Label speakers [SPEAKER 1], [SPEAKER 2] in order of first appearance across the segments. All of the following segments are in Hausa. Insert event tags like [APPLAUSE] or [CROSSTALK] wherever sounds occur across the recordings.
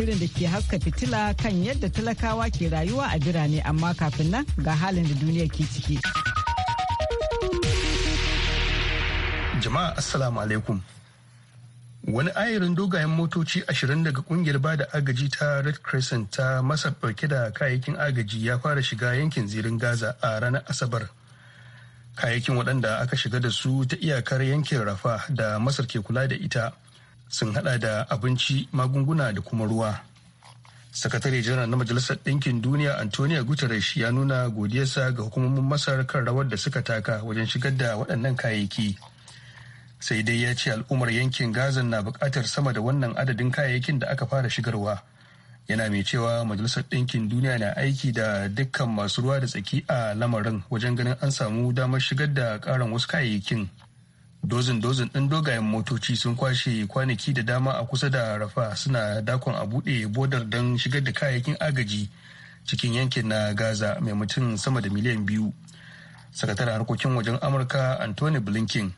[SPEAKER 1] shirin da ke haska fitila kan yadda talakawa ke rayuwa a birane amma kafin nan ga halin da duniya ke ciki.
[SPEAKER 2] Jama'a Assalamu alaikum. Wani ayarin dogayen motoci ashirin daga kungiyar bada agaji ta Red Crescent ta masa ɗauke da kayayyakin agaji ya fara shiga yankin zirin Gaza a ranar Asabar. Kayayyakin waɗanda aka shiga da su ta iyakar yankin Rafa da Masar ke kula da ita. sun hada da abinci magunguna da kuma ruwa sakatare janar na majalisar ɗinkin duniya antonio guterres ya nuna godiyarsa ga hukumomin masar kan rawar da suka taka wajen shigar da waɗannan kayayyaki sai dai ya ce al'ummar yankin gazan na buƙatar sama da wannan adadin kayayyakin da aka fara shigarwa yana mai cewa majalisar ɗinkin duniya na aiki da dukkan masu ruwa da tsaki a lamarin wajen ganin an samu damar shigar da ƙarin wasu kayayyakin dozin-dozin ɗin dogayen motoci sun kwashe kwanaki da dama a kusa da rafa suna dakon a buɗe bodar don shigar da kayayyakin agaji cikin yankin na gaza mai mutum sama da miliyan biyu sakataren harkokin wajen amurka anthony blinken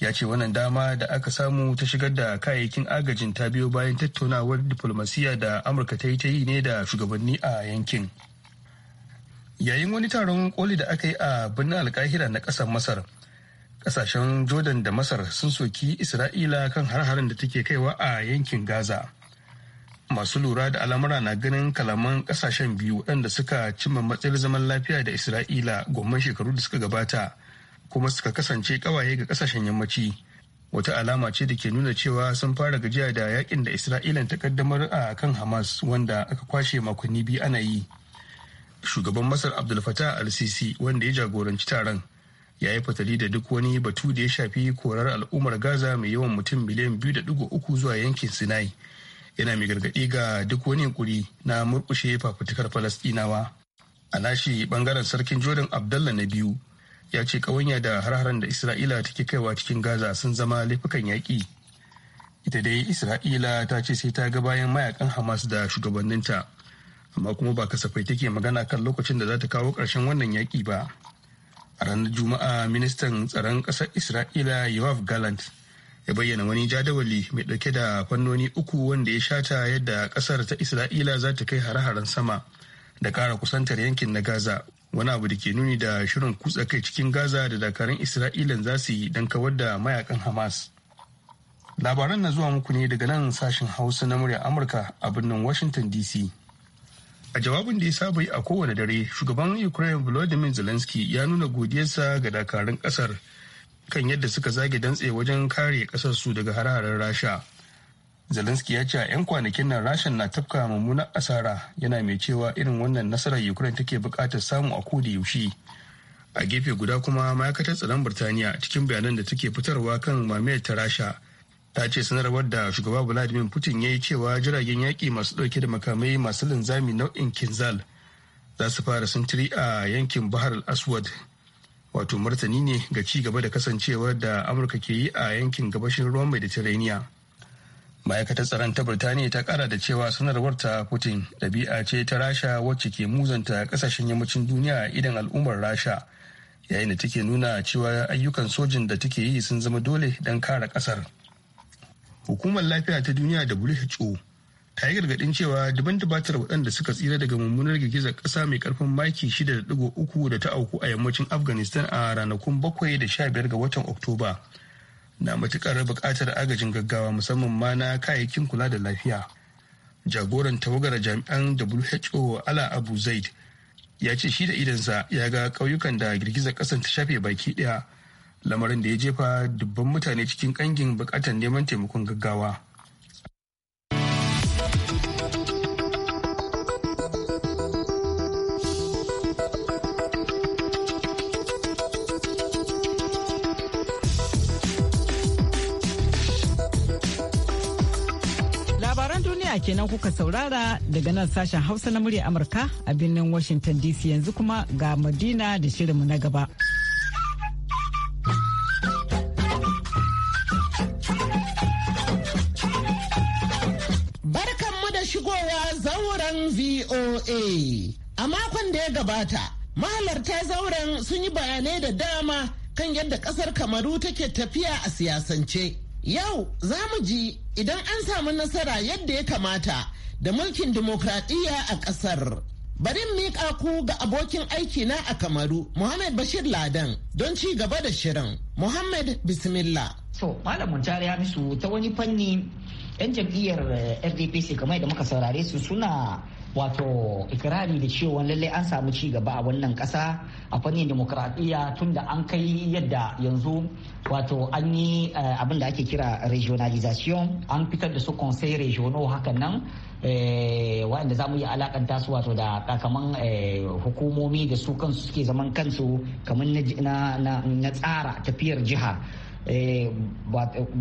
[SPEAKER 2] ya ce wannan dama da aka samu ta shigar da kayayyakin agajin ta biyo bayan tattaunawar diplomasiya da amurka ta yi ta yi ne da shugabanni a yankin yayin wani taron koli da aka yi a birnin alkahira na ƙasar masar kasashen jordan da masar sun soki isra'ila kan harharin da take kaiwa a yankin gaza masu lura da al'amura na ganin kalaman kasashen biyu waɗanda suka cimma matsayar zaman lafiya da isra'ila gomman shekaru da suka gabata kuma suka kasance kawaye ga kasashen yammaci wata alama ce da ke nuna cewa sun fara gajiya da yakin da isra'ilan ta kaddamar a kan hamas wanda aka kwashe makonni biyu ana yi shugaban masar abdul fatah al-sisi wanda ya jagoranci taron ya yi fatali da duk wani batu da ya shafi korar al'ummar gaza mai yawan mutum miliyan biyu 2.3 zuwa yankin sinai yana mai gargaɗi ga duk wani yunkuri na murkushe fafutukar falastinawa a nashi bangaren sarkin jordan abdallah na biyu ya ce kawanya da har da isra'ila ta take kaiwa cikin gaza sun zama laifukan yaƙi ita dai isra'ila ta ce sai ta ga bayan mayakan hamas da shugabanninta amma kuma ba kasafai take magana kan lokacin da za ta kawo ƙarshen wannan yaƙi ba a ranar juma'a ministan tsaron ƙasar isra'ila yoav gallant ya bayyana wani jadawali mai dauke da fannoni uku wanda ya shata yadda ƙasar ta isra'ila za ta kai hare-haren sama da ƙara kusantar yankin na gaza wani abu da ke nuni da shirin kutsa kai cikin gaza da dakarun isra'ila za su yi don kawar da mayakan hamas labaran na zuwa muku ne daga nan sashen hausa na murya amurka a birnin washington dc a jawabin da ya saba yi a kowane dare shugaban ukraine volodymyr zelensky ya nuna godiyarsa ga dakarun kasar kan yadda suka zage dantse wajen kare kasar daga hare rasha zelensky ya ce a 'yan kwanakin nan Rashan na tafka mummunar asara yana mai cewa irin wannan nasarar ukraine take buƙatar samu a koda yaushe a gefe guda kuma ma'aikatar tsaron birtaniya cikin bayanan da take fitarwa kan mamayar ta rasha ta ce sanarwar da shugaba vladimir putin ya yi cewa jiragen yaƙi masu ɗauke da makamai masu linzami nau'in kinzal za su fara sintiri a yankin bahar al-aswad wato martani ne ga ci gaba da kasancewar da amurka ke yi a yankin gabashin ruwan mediterania ma'aikatar tsaron ta birtaniya ta kara da cewa sanarwar ta putin ɗabi'a ce ta rasha wacce ke muzanta kasashen yammacin duniya idan al'ummar rasha yayin da take nuna cewa ayyukan sojin da take yi sun zama dole don kare ƙasar. hukumar lafiya ta duniya who ta yi gargadin cewa daban batar waɗanda suka tsira daga mummunar girgizar ƙasa mai karfin maki 6.3 da ta auku a yammacin afghanistan a ranakun 7 da 15 ga watan oktoba na matuƙar buƙatar agajin gaggawa musamman ma na kayayyakin kula da lafiya jagoran tawagar jami'an who ala abu zaid ya ce shi da idansa ya ga ƙauyukan da girgizar ƙasar ta shafe baki ɗaya lamarin da ya jefa dubban mutane cikin kangin bukatar neman taimakon gaggawa
[SPEAKER 1] duniya kenan kuka saurara daga nan sashen hausa na murya amurka a birnin washington dc yanzu kuma ga madina da shirinmu na gaba.
[SPEAKER 3] A makon da ya gabata, mahalarta zauren sun yi bayanai da dama kan yadda ƙasar Kamaru take tafiya a siyasance. Yau za mu ji idan an samu nasara yadda ya kamata da mulkin dimokuraɗiyya a ƙasar. Bari miƙa ku ga abokin aiki na a Kamaru, Muhammad Bashir Ladan,
[SPEAKER 4] don ci gaba da shirin. Muhammad Bismillah. So, jari ya misu ta wani fanni 'yan jam'iyyar RDPC eh, kamar da muka saurare su suna wato ikirari da cewa lallai an samu ci gaba a wannan kasa a fannin demokradiyya tun da an kai yadda yanzu wato an yi eh, abin da ake kira regionalization an fitar da su conseil regional hakan nan eh, waɗanda za mu yi alakanta su wato da kaman eh, hukumomi da su kansu suke zaman kansu kamar na tsara tafiyar jiha Eh,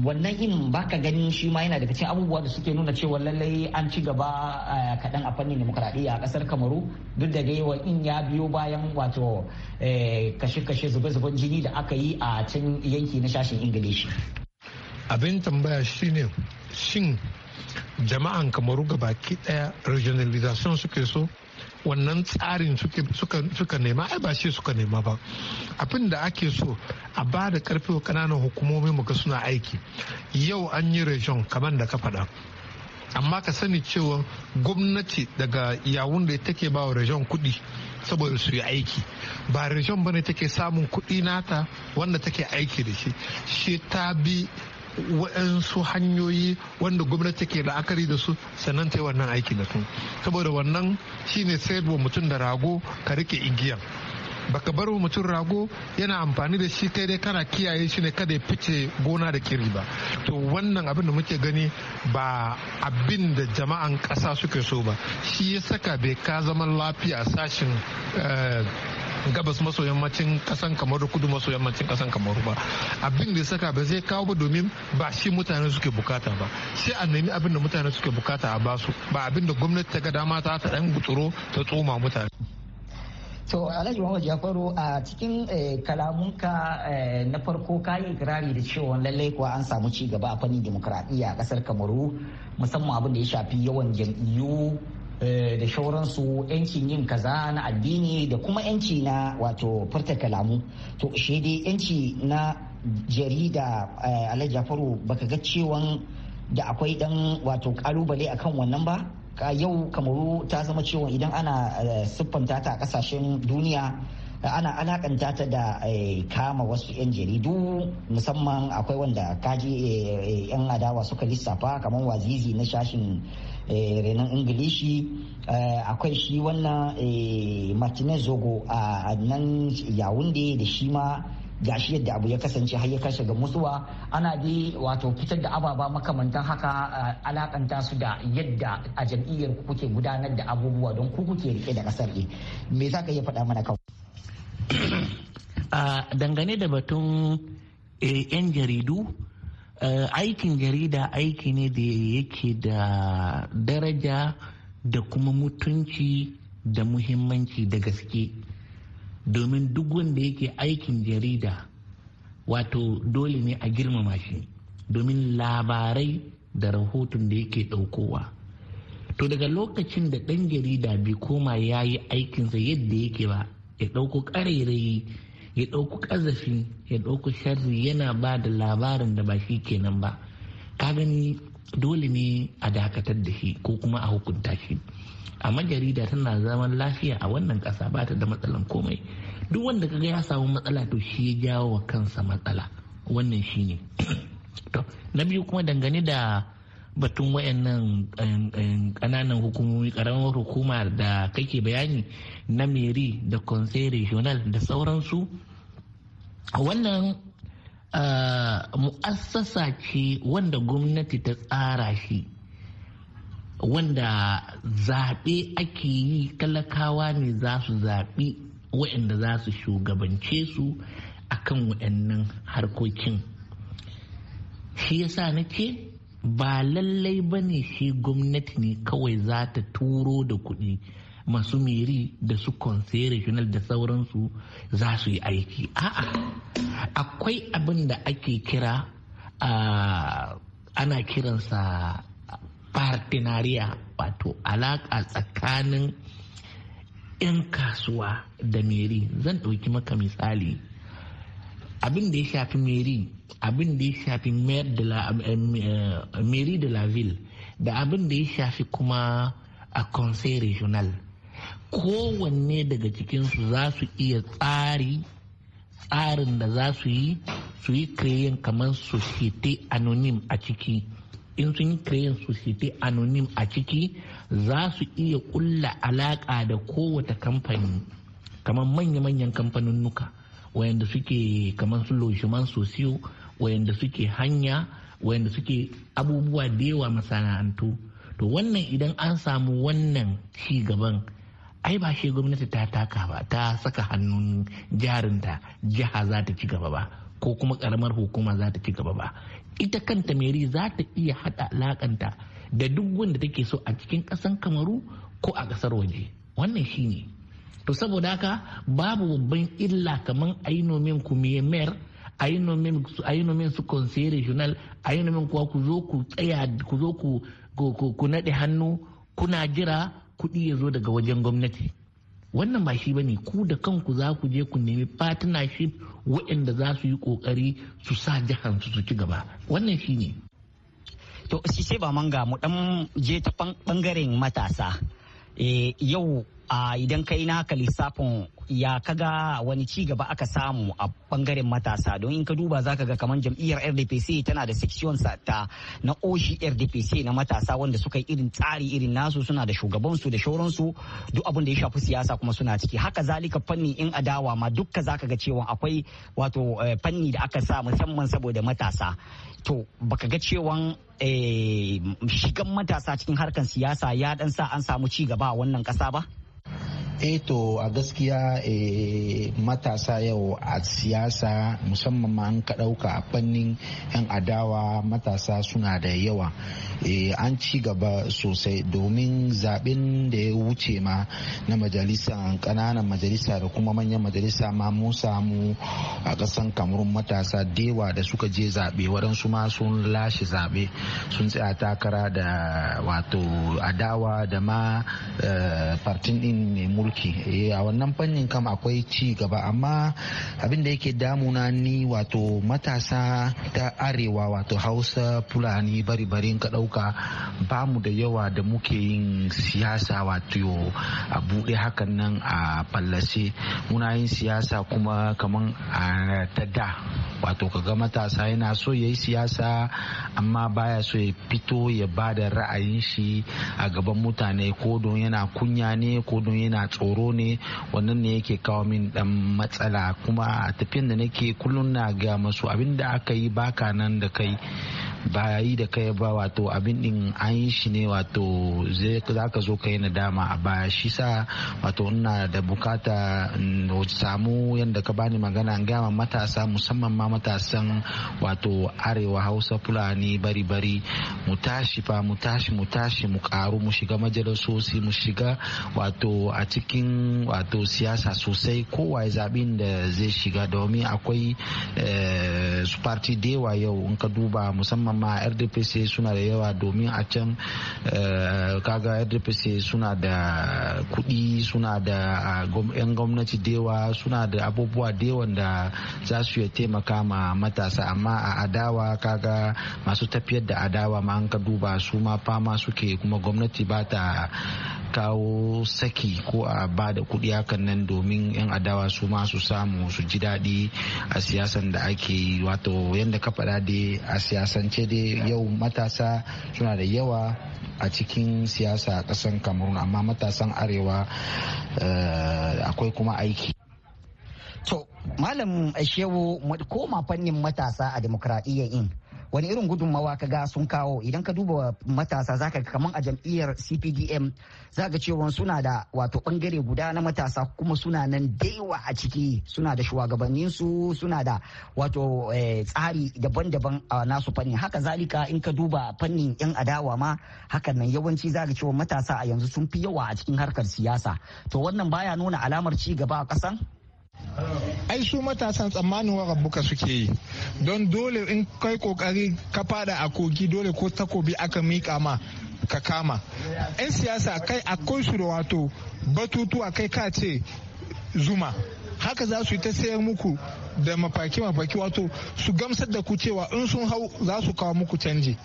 [SPEAKER 4] wannan in baka ganin shi ma yana daga cikin abubuwa da suke nuna cewa lallai an ci gaba eh, kaɗan a fannin demokradiyya a ƙasar kamaru duk da gaiwa in ya biyo bayan wato eh, kashe-kashe zube-zuben jini da aka yi a can yanki na shashin ingilishi
[SPEAKER 5] abin tambaya shine shin jama'an kamaru ki daya regionalization suke so wannan tsarin suka nema ai ba shi suka nema ba abin da ake so a ba da karfi wa kananan hukumomi muka suna aiki yau an yi region kamar da ka faɗa amma ka sani cewa gwamnati daga yawun da take ba wa region kuɗi saboda su yi aiki ba region bane take samun kuɗi nata wanda take aiki da shi shi ta bi waɗansu hanyoyi wanda gwamnati ke la'akari da su sannan ta yi wannan aiki da su saboda wannan shine sayarwa mutum da rago ka rike igiyan baka bar wa mutum rago yana amfani da shi kai dai kana kiyaye shi ne kada ya fice gona da kiri ba to wannan abin da muke gani ba abin da jama'an kasa suke so ba shi ya saka bai ka zaman lafiya sashin eh, gabas maso yammacin kasan kamaru kudu maso yammacin kasan kamaru ba abin da saka ba zai kawo ba domin ba shi mutane suke bukata ba sai a nemi abin da mutane suke bukata a basu ba abin da gwamnati ta ga dama ta ta dan gutsuro ta tsoma mutane
[SPEAKER 4] to alhaji muhammad jafaru a cikin eh, kalamunka eh, na farko ka yi ikirari da cewa lallai kuwa an samu ci gaba a fannin demokradiyya a kasar kamaru musamman abin da ya shafi yawan jam'iyyu Eh, da shauransu yancin yin kaza na addini da kuma yanci na wato furta kalamu to shi dai yanci na jarida eh, alhaji jafaru baka ga cewan da akwai dan wato kalubale akan wannan ba yau kamaru ta zama cewa idan ana eh, siffanta ta a kasashen duniya ana alakanta ta da kama wasu 'yan jaridu musamman akwai wanda kaji 'yan adawa suka lissafa kamar wazizi na shashin Eh, renan ingilishi eh, akwai shi wannan eh, martinez zogo a nan yawunde da shi ma ga shi yadda abu ya kasance har ya kashe ga musuwa ana dai wato fitar da ababa makamantan haka alakanta su da yadda a jam'iyyar ku kuke gudanar da abubuwa don ku kuke rike da kasar ne me za ka iya faɗa mana kawai [COUGHS] a
[SPEAKER 3] dangane da batun yan jaridu Eh, aikin jarida aiki ne da yake da daraja da kuma mutunci da muhimmanci da gaske domin duk wanda yake aikin jarida wato dole ne a girmama shi domin labarai da rahoton da yake ɗaukowa to daga lokacin da ɗan jarida bai koma ya yi aikinsa yadda yake ba ya ɗauko ƙarairayi ya ɗauku ƙazafi ya ɗauku sharri yana ba da labarin da ba shi kenan ba ka gani dole ne a dakatar da shi ko kuma a hukunta shi amma jarida tana zaman lafiya a wannan ƙasa ba ta da matsalan komai duk wanda kaga ya samu matsala to shi ya jawo wa kansa matsala wannan shi ne [COUGHS] na biyu kuma dangane da batun wayannan kananan eh, eh, hukumomi karamar hukuma da kake bayani na meri da conseil regional da sauransu wannan ah, mu'assasa ce wanda gwamnati ta tsara shi wanda zaɓe ake yi talakawa ne za su zaɓi waɗanda za su shugabance su a kan waɗannan harkokin shi yasa na ce ba lallai ba ne shi gwamnati ne kawai za ta turo da kuɗi masu miri da su conseil regional da sauransu za su yi aiki a'a akwai abin da ake kira ana kiransa partenariya wato alaƙa tsakanin 'yan kasuwa da meri zan ɗauki maka misali abin da ya shafi meri abin da ya shafi meri eh, eh, de la ville da abin da ya shafi kuma a conseil regional kowanne daga cikinsu za su iya tsari tsarin da za su yi su yi kireyin kamar societe anonim a ciki in sun yi kireyin societe anonim a ciki za su iya kulla alaka da kowace kamfani kamar manya-manyan nuka. wayanda suke kamar su loshiman sosiyo wayanda suke hanya wayanda suke abubuwa da yawa masana'antu to wannan idan an samu wannan ci gaban ai ba shi gwamnati ta taka ba ta saka hannun jarinta jiha za ta ci gaba ba ko kuma karamar hukuma za ta ci gaba ba ita kanta meri za ta iya hada alakanta da duk wanda take so a cikin kasan kamaru ko a kasar waje wannan shi ne to saboda haka babu babban illa kamar ayi min ku mayor a yi su conseil regional a yi kuwa ku zo ku tsaya ku zo ku naɗe hannu kuna jira kuɗi ya zo daga wajen gwamnati wannan ba shi ba ne ku da kanku za ku je ku nemi partnership waɗanda za su yi ƙoƙari su sa jihar su ci gaba wannan shi ne
[SPEAKER 4] to sai ba manga mu ɗan je ta bangaren matasa eh, yau idan kai naka lissafin ya kaga wani ci gaba aka samu a bangaren matasa don in ka duba za ka ga kamar jam'iyyar rdpc tana da section ta na oshi rdpc na matasa wanda suka yi irin tsari irin nasu suna da shugabansu da shauransu duk abin da ya shafi siyasa kuma suna ciki haka zalika fanni in adawa ma dukka za ka ga cewa akwai wato eh, fanni da aka sa musamman saboda matasa to baka ga cewa eh, shigan matasa cikin harkar siyasa ya dan sa an samu ci gaba a wannan kasa ba
[SPEAKER 6] eh to a gaskiya eh, matasa yau a siyasa musamman ma an ka dauka a fannin 'yan adawa matasa suna da yawa eh, an ci gaba sosai domin zaɓen da ya wuce ma na majalisa ƙananan majalisa da kuma manyan majalisa ma mu samu a ƙasan kamarun matasa dewa da suka je zaɓe waɗansu ma sun lashe zaɓe sun tsaya takara da wato adawa da ma eh, partin din mai mulki muke eh, a wannan fannin kam akwai ci gaba amma abin da yake damuna ni wato matasa ta arewa wato hausa fulani bari bari ka ɗauka ba mu da yawa da muke yin siyasa wato a buɗe hakan nan a fallase muna yin siyasa kuma kamar a ta da wato kaga matasa yana so ya yi siyasa amma baya so ya fito ya ba da ra'ayin shi a gaban mutane ko don yana kunya ne ko don yana tsoro ne wannan ne yake kawo min dan matsala kuma a tafiyan da nake kullum na ga masu abin da aka yi baka nan da kai ba yi da kai ba wato abin din an yi shi ne wato za ka zo ka yi nadama a baya shi sa wato ina da bukata samu yadda ka bani magana an gama matasa musamman ma matasan wato arewa hausa fulani bari bari mu tashi fa mu tashi mu tashi mu karu mu shiga majalisosi mu shiga wato a cikin wato siyasa sosai kowa ya zaɓin da zai shiga domin akwai eh, su party da yau in ka duba musamman musamman ma rdpc suna da yawa domin a can eh, kaga rdpc suna da kuɗi suna da 'yan ah, gwamnati dewa suna da abubuwa dewan da za su iya taimaka ma matasa amma a adawa kaga masu tafiyar da adawa ma an ka duba su ma fama suke kuma gwamnati ba ta kawo saki ko a ba da kuɗi hakan nan domin 'yan adawa su ma su samu su ji daɗi a siyasan da ake yi wato yadda ka faɗa dai a siyasance dai yau matasa suna da yawa a cikin siyasa a ƙasar cameroon amma matasan arewa
[SPEAKER 4] eh, akwai kuma aiki to malam shehu koma fannin matasa a demokradiyya in wani irin gudunmawa ka ga sun kawo idan ka duba matasa zaka ka kaman a jam'iyyar CPDM zaka cewa suna da wato bangare guda na matasa kuma suna nan daiwa a ciki suna da shugabannin su suna da wato eh, tsari daban-daban a nasu fanni haka zalika in ka duba fannin yan adawa ma hakan nan yawanci zaka cewa matasa a yanzu sun fi yawa a cikin harkar siyasa to wannan baya nuna alamar ci gaba a kasan
[SPEAKER 7] ai su matasan tsammanin wa rabuka suke yi don dole in kai kokari ka fada a kogi dole ko takobi aka mika ma ka kama 'yan siyasa kai akwai su da wato batutuwa kai ka ce zuma haka za su yi ta sayar muku da mafaki mafaki wato su gamsar da ku cewa in sun hau za su kawo muku canji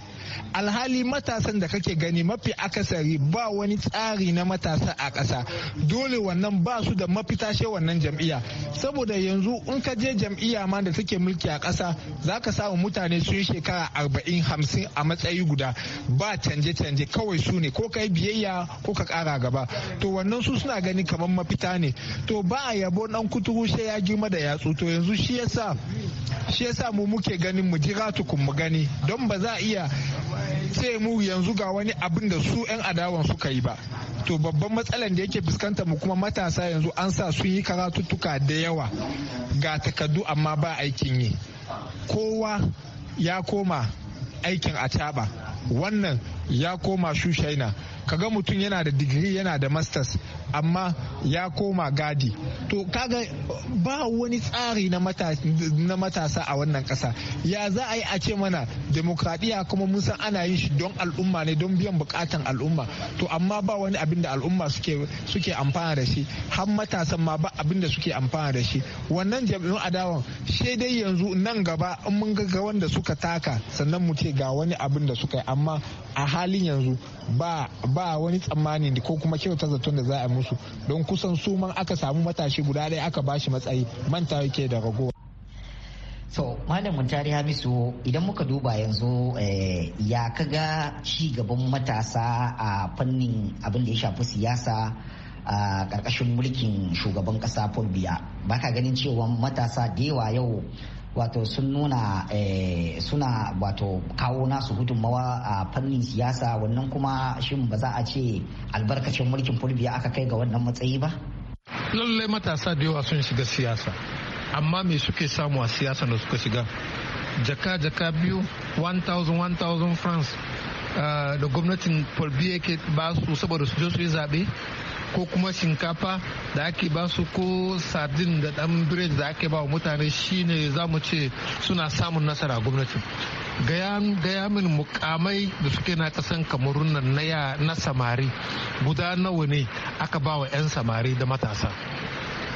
[SPEAKER 7] alhali matasan da kake gani mafi akasari ba wani tsari na matasa a ƙasa dole wannan ba su da mafita she wannan jam'iyya saboda yanzu in ka je jam'iyya ma da take mulki a ƙasa za ka samu mutane sun shekara arba'in hamsin a matsayi guda ba canje-canje kawai su ne ko kai biyayya ko ka ƙara gaba to wannan su suna gani kamar mafita ne to ba a yabo dan kuturu she ya girma da yatsu to yanzu shi yasa shi yasa mu muke ganin mu jira tukun mu gani don ba za a iya ce mu yanzu ga wani abin da su 'yan adawan suka yi ba to babban matsalar da yake fuskanta mu kuma matasa yanzu an sa sun yi karatuttuka da yawa ga takardu amma ba aikin yi kowa ya koma aikin a wannan ya koma shushaina kaga mutum yana da digiri yana da masters amma ya koma gadi to kaga ba wani tsari na matasa a wannan kasa ya za a yi a ce mana demokradiyya kuma mun san ana yin shi don al'umma ne don biyan bukatan al'umma to amma ba wani abin da al'umma suke amfana da shi har matasan ma ba abin da suke amfana da shi wannan jami'un adawan sai dai yanzu nan gaba in mun ga wanda suka taka sannan mu ce ga wani abin da suka yi amma a halin yanzu ba ba wani tsammani ko kuma kyauta zaton da za a musu don kusan suman aka samu matashi guda ɗaya aka bashi matsayi manta yake da ragowa so
[SPEAKER 4] malam muntari hamisu idan muka duba yanzu eh, ya ya kaga ci gaban matasa a fannin abin da ya shafi siyasa a karkashin mulkin shugaban kasa polbia ba ka ganin cewa matasa da yawa yau wato sun nuna eh, suna wato kawo nasu gudunmawa a fannin siyasa wannan kuma shin ba za a ce albarkacin mulkin fulbiya aka kai ga wannan
[SPEAKER 5] matsayi ba lallai matasa da yawa sun shiga siyasa amma me suke samu a siyasa da suka shiga jaka jaka biyu 1000 1000 france da gwamnatin fulbiya ke ba su saboda su je su zaɓe ko kuma shinkafa da ake ba su ko sardin da dan bread da ake ba wa mutane shine za mu ce suna samun nasara gwamnatin gaya min mukamai da suke na kasan kamarun nan na samari guda nawa ne aka ba wa 'yan samari da matasa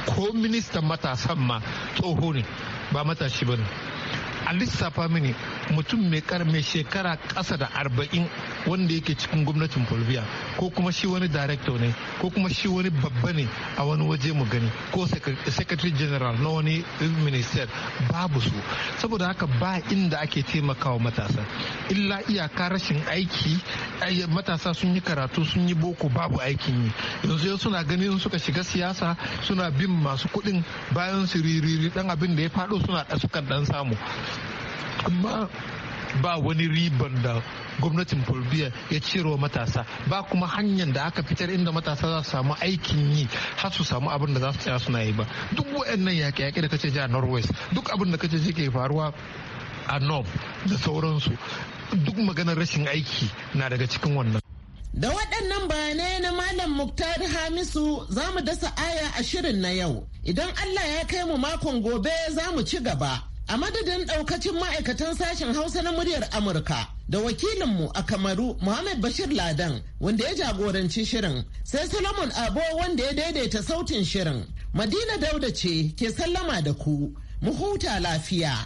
[SPEAKER 5] ko ministan matasan ma tsoho ne ba matashi ba ne a lissafa mini mutum mai shekara kasa da arba'in wanda yake cikin gwamnatin fulbiya ko kuma shi wani director ne ko kuma shi wani babba ne a wani waje mu gani ko secretary general na wani minister babu su saboda haka ba inda ake taimakawa matasa illa iyaka rashin aiki matasa sun yi karatu sun yi boko babu aikin yi yanzu yau suna ganin suka shiga siyasa suna bin masu kuɗin bayan su ririri dan abin da ya faɗo suna sukan dan samu amma ba wani riban da gwamnatin bolivia ya cirewa matasa ba kuma hanyar da aka fitar inda matasa za su samu aikin yi har su samu abin da za su tsaya suna yi ba duk waɗannan yaƙe-yaƙe da kace a norway duk abin da kace ke faruwa a nob da sauransu duk maganar rashin aiki na daga cikin wannan
[SPEAKER 3] Da waɗannan bayanai na Malam Muktar Hamisu za mu dasa aya a shirin na yau. Idan Allah ya kai mu makon gobe za mu ci gaba. a madadin daukacin ma'aikatan sashen hausa na muryar amurka da wakilinmu a kamaru muhammad bashir ladan wanda ya jagoranci shirin sai solomon abo wanda ya daidaita sautin shirin madina dauda ce ke sallama da ku mu huta
[SPEAKER 1] lafiya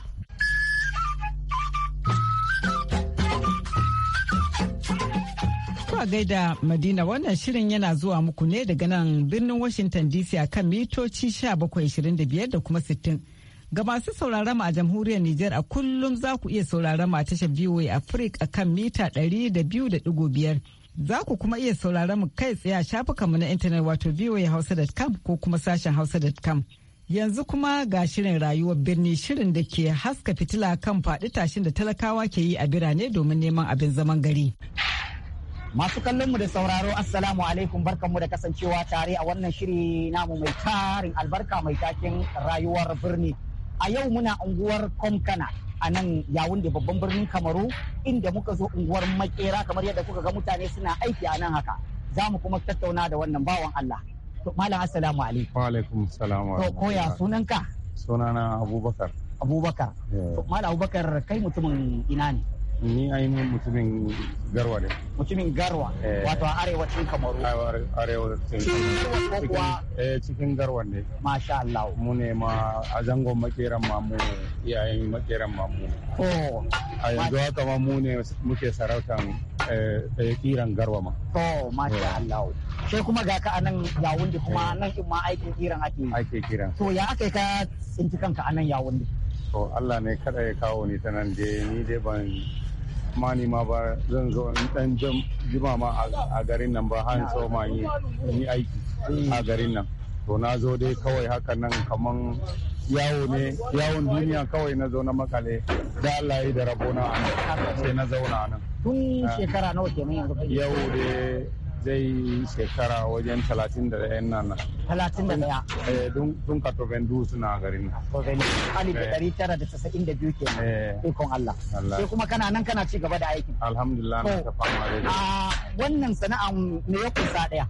[SPEAKER 1] zuwa gaida Madina wannan shirin yana zuwa muku ne daga nan birnin Washington DC a kan mitoci 1725 da kuma 60. Ga masu sauraron a jamhuriyar Nijar a kullum za ku iya sauraron a tashar VOA Africa kan mita 200.5. Za ku kuma iya sauraron mu kai tsaye a shafukanmu na intanet wato voahausa.com ko kuma sashen hausa.com. Yanzu kuma ga shirin rayuwar birni shirin da ke haska fitila kan faɗi tashin da talakawa ke yi a birane domin neman abin zaman gari. Masu kallon mu da sauraro
[SPEAKER 4] Assalamu alaikum barkan mu da kasancewa tare a wannan shiri namu mai tarin albarka mai takin rayuwar birni. a yau muna unguwar komkana a nan yawun da babban birnin kamaru inda muka zo unguwar makera kamar yadda kuka ga mutane suna aiki a nan haka za mu kuma tattauna da wannan bawan Allah
[SPEAKER 8] to malam assalamu alaikum wa alaikum salam to koya sunanka sunana abubakar abubakar to
[SPEAKER 4] malam abubakar kai mutumin ina ne Ni ainihin mutumin garwa
[SPEAKER 8] ne. Mutumin garwa eh. wato a arewacin Kamaru. Arewacin Kamaru. Eh, cikin garwa ne. Masha Allah. Mu ne ma a zangon makeran mamu iyayen makeran mamu. Oh. A yanzu haka ma mu ne muke sarautan eh, kiran garwa ma.
[SPEAKER 4] To masha Allah. Sai kuma ga ka anan yawun kuma nan
[SPEAKER 8] in ma aikin kiran
[SPEAKER 4] ake. Ake kiran. To ya aka ka tsinci kanka anan yawun
[SPEAKER 8] to Allah ne kada ya kawo ni ta nan dai ni dai ban ma ni ma ba zan zo in dan jima ma a garin nan ba har so ma yi aiki a garin nan to na zo dai kawai haka nan kaman yawo ne yawon duniya kawai na zo na makale da Allah yi da rabona a nan sai na zauna a nan tun
[SPEAKER 4] shekara nawa kenan yanzu yau dai
[SPEAKER 8] zai shekara wajen 31 nan 31 eh, dun ka to bendu suna garin to
[SPEAKER 4] bendu alif 992 eh. ke nan eh. ikon Allah sai kuma kana nan kana ci gaba da aiki.
[SPEAKER 8] alhamdulillah na ta fama da
[SPEAKER 4] wannan sana'an ne ya kusa daya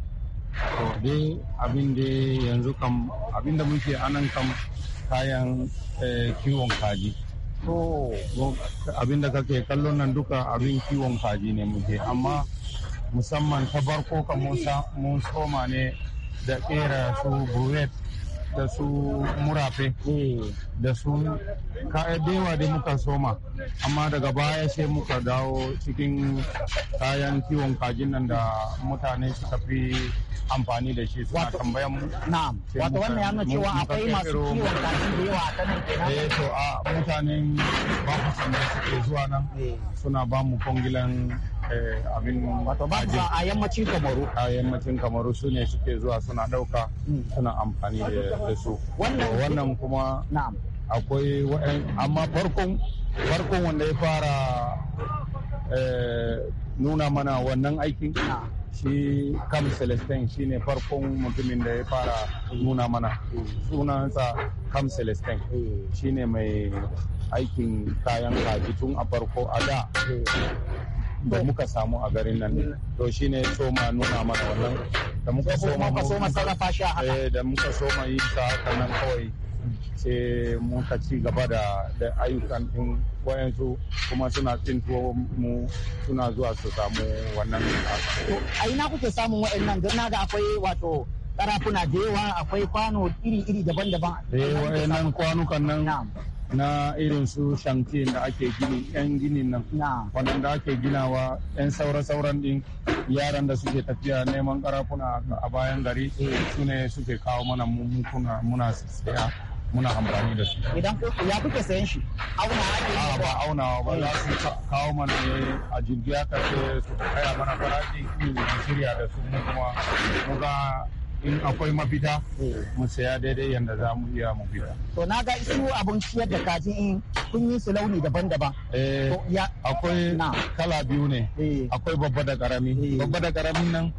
[SPEAKER 8] to dai abin da yanzu kam abin da muke anan kam kayan kiwon kaji to abin da kake kallon nan duka abin kiwon kaji ne muke amma musamman ta barko ka mun soma ne da kera su buret da su murafe da su dewa da muka soma amma daga baya sai muka dawo cikin kayan kiwon kajin nan da mutane suka fi amfani da shi suna tambayan mu na'am wato wannan ya nuna cewa akwai masu kiwon kaji da yawa a kanar kenan eh to a mutanen ba su ku suke zuwa nan eh. suna ba mu kongilan Eh, abin wato a yammacin kamaru a yammacin kamaru su ne suke zuwa suna ɗauka hmm. suna amfani da su wannan kuma akwai amma farkon farkon wanda ya fara eh, nuna mana wannan aikin shi kam celestin shi ne farkon mutumin da ya fara nuna mana sunansa kam celestin hmm. shi ne mai aikin kayan kaji tun a farko a da hmm. da muka samu a garin nan to shine soma nuna mana wannan da muka soma sarrafa shi haka eh, da muka soma yin sa haka nan kawai sai muka ci gaba da ayyukan din wayansu kuma suna tintuwa mu suna zuwa su samu wannan
[SPEAKER 4] to a ina kuke samun wayannan don na ga akwai wato karafuna
[SPEAKER 8] da yawa akwai kwano iri-iri daban-daban eh wayannan kwanukan nan na irin su shanti da ake gini yan ginin nan waɗanda ake ginawa yan saura-sauran din yaran da suke tafiya neman karafuna a bayan gari eh. su ne suke kawo mana muna saya muna amfani da su. Idan ya kuke sayan shi? Auna ake yi ba auna ba za su eh. kawo mana ne a jirgi aka ce su kaya mana farashi shirya da su mu kuma mu ga in akwai mafita mu saya daidai yadda za mu iya mu fita. To na ga su abun ciyar da kaji in kun yi su launi daban-daban. Eh, akwai kala biyu ne. Eh. Akwai babba da karami. Eh. Babba da karamin nan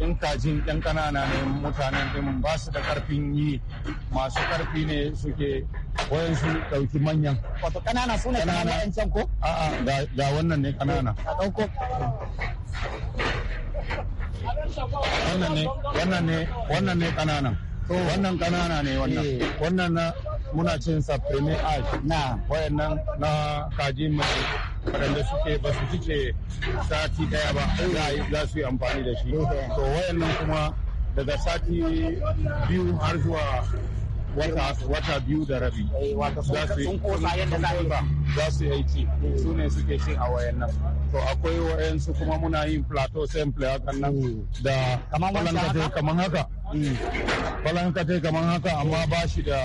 [SPEAKER 8] in kajin yan kanana ne mutanen din ba su da karfin yi masu karfi ne suke wayan su dauki manyan wato kanana su ne kanana yan can ko a'a ga wannan ne kanana a dauko wannan ne wannan ne wannan ne kananan wannan kanana ne wannan eh. wannan na muna cin sa premier art na wayannan na kaji mai waɗanda suke ba su cike sati daya ba za su yi amfani da shi to wayannan kuma daga sati biyu har zuwa wata biyu da rabi eh, za su yi za su yi aiki su ne suke cin a wayannan to akwai wayansu kuma muna yin plateau simple hakan nan mm. da kaman kaman haka mm. kaman haka amma ba shi da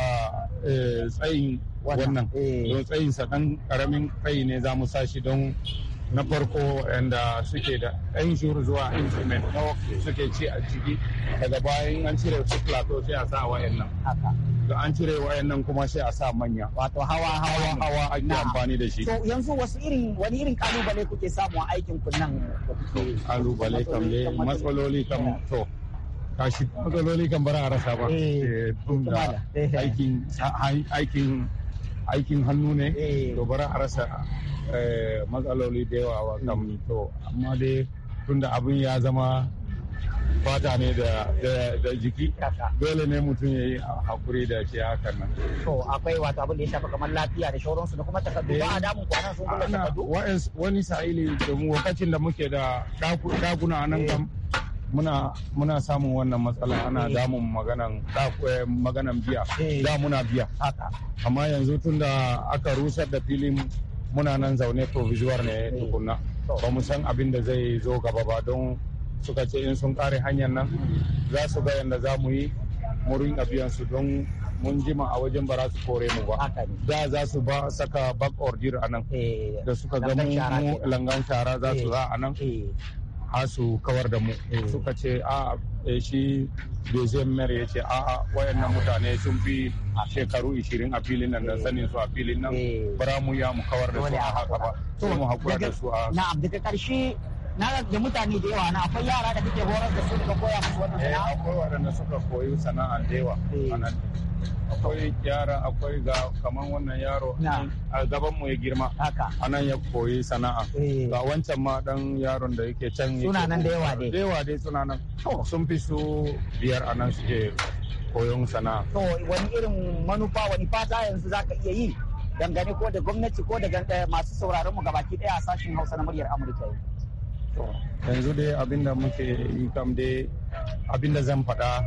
[SPEAKER 8] eh, tsayin wannan mm. don tsayin sa dan karamin kai ne za mu sa don na farko yadda suke da yan shuru zuwa instrument na suke ci a ciki daga bayan an cire su plateau sai a sa nan da an cire nan kuma sai a sa manya wato hawa hawa hawa ake amfani da shi to yanzu wasu irin wani irin kalubale kuke samu a aikin ku nan kalubale kam ne matsaloli kam to kashi matsaloli kan bara a rasa ba eh, eh, eh. aikin aikin hannu ne eh. to bara a rasa eh, matsaloli da yawa wa kan to amma dai tunda abin ya zama fata ne da jiki dole ne mutum ya yi hakuri da shi hakan nan. To akwai wato abin da ya shafa kamar lafiya da shauransu da kuma takardu ba a damun kwanan sun kula eh, takardu. Wani sa'ili domin lokacin da muke da dakuna nan kam muna samun wannan matsala ana eh. damun maganan eh, maganan biya eh. da muna biya amma yanzu tun da aka rusar da filin muna nan zaune vizuwar ne tukunna ba mu san abin da zai zo gaba ba don suka ce in sun kare hanyar nan za su ga yadda za mu yi murin abiyan su don mun jima a wajen ba su kore mu ba da za su ba saka back order a nan da suka ga mu langan shara za su za a nan a su kawar da mu eh. suka ce a e, shi jose mer ya ce a wayannan mutane sun fi shekaru 20 a filin nan da sanin su a filin nan eh. bara mu ya mu kawar da su a haka ba su mu hakura da su a
[SPEAKER 4] na abu daga na da mutane da yawa na akwai yara da kake horar
[SPEAKER 8] da su da koya musu wannan eh, sana'a akwai waɗanda suka koyi sana'a da yawa eh. akwai yara akwai ga kaman wannan yaro a gaban mu ya girma a nan ya koyi sana'a eh. ga wancan ma dan yaron da yake can suna nan da yawa dai da yawa dai sunanan sun fi su biyar a nan suke koyon sana'a to wani irin manufa wani fata yanzu zaka iya yi dangane
[SPEAKER 4] ko da gwamnati ko da masu sauraron mu gabaki daya a sashen Hausa na muryar Amurka
[SPEAKER 8] yanzu dai abinda muke yi kam dai abinda zan faɗa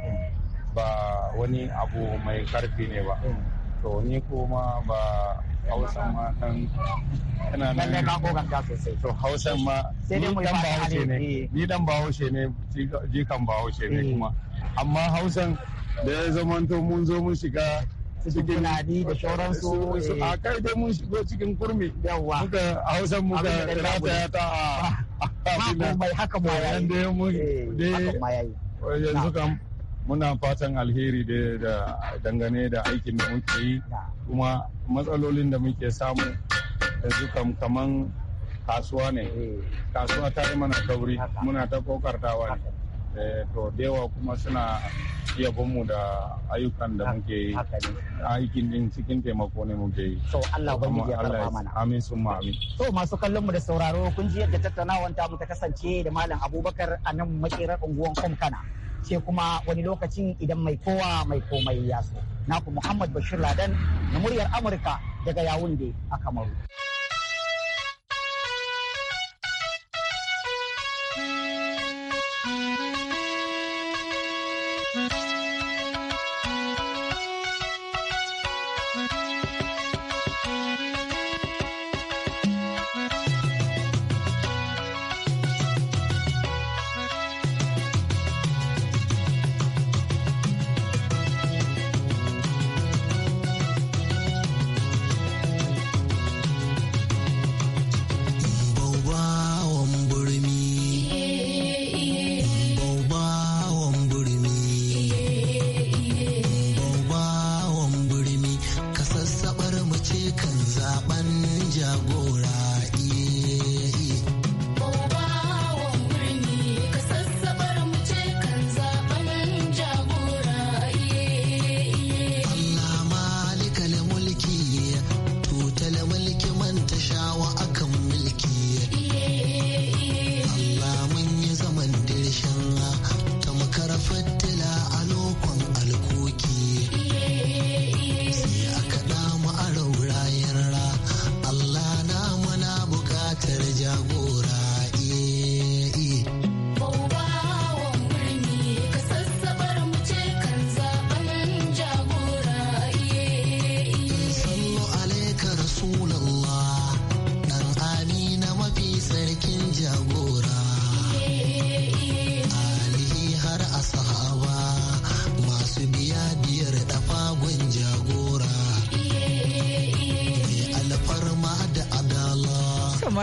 [SPEAKER 8] ba wani abu mai karfi ne ba to ni kuma ba hausa ma kan ina nan to hausa ma ni dan hausa ne ni dan hausa ne jikan hausa ne eh. kuma amma hausan da ya zamanto mun zo mun shiga su fulani da shauransu eh. a kai dai mun shigo cikin kurmi yawa muka hausa muka rataya ta a [LAUGHS] mai eh, haka ma yayi dai mun yanzu kam muna fatan alheri da dangane da aikin da muke yi kuma matsalolin da muke samu yanzu kam kaman kasuwa ne eh. kasuwa ta yi mana kauri muna ta kokartawa ne to dewa kuma suna iya da ayyukan da ah, muke yi aikin din cikin taimako ne muke yi to Allah ubangiji ya karba mana amin ma amin
[SPEAKER 4] to masu kallon mu da sauraro kun ji yadda tattaunawar ta mu ta kasance da malam Abubakar a nan makerar unguwan Kankana. ce kuma wani lokacin idan mai kowa mai komai ya so naku Muhammad Bashir Ladan na muryar Amurka daga Yawunde a Kamaru.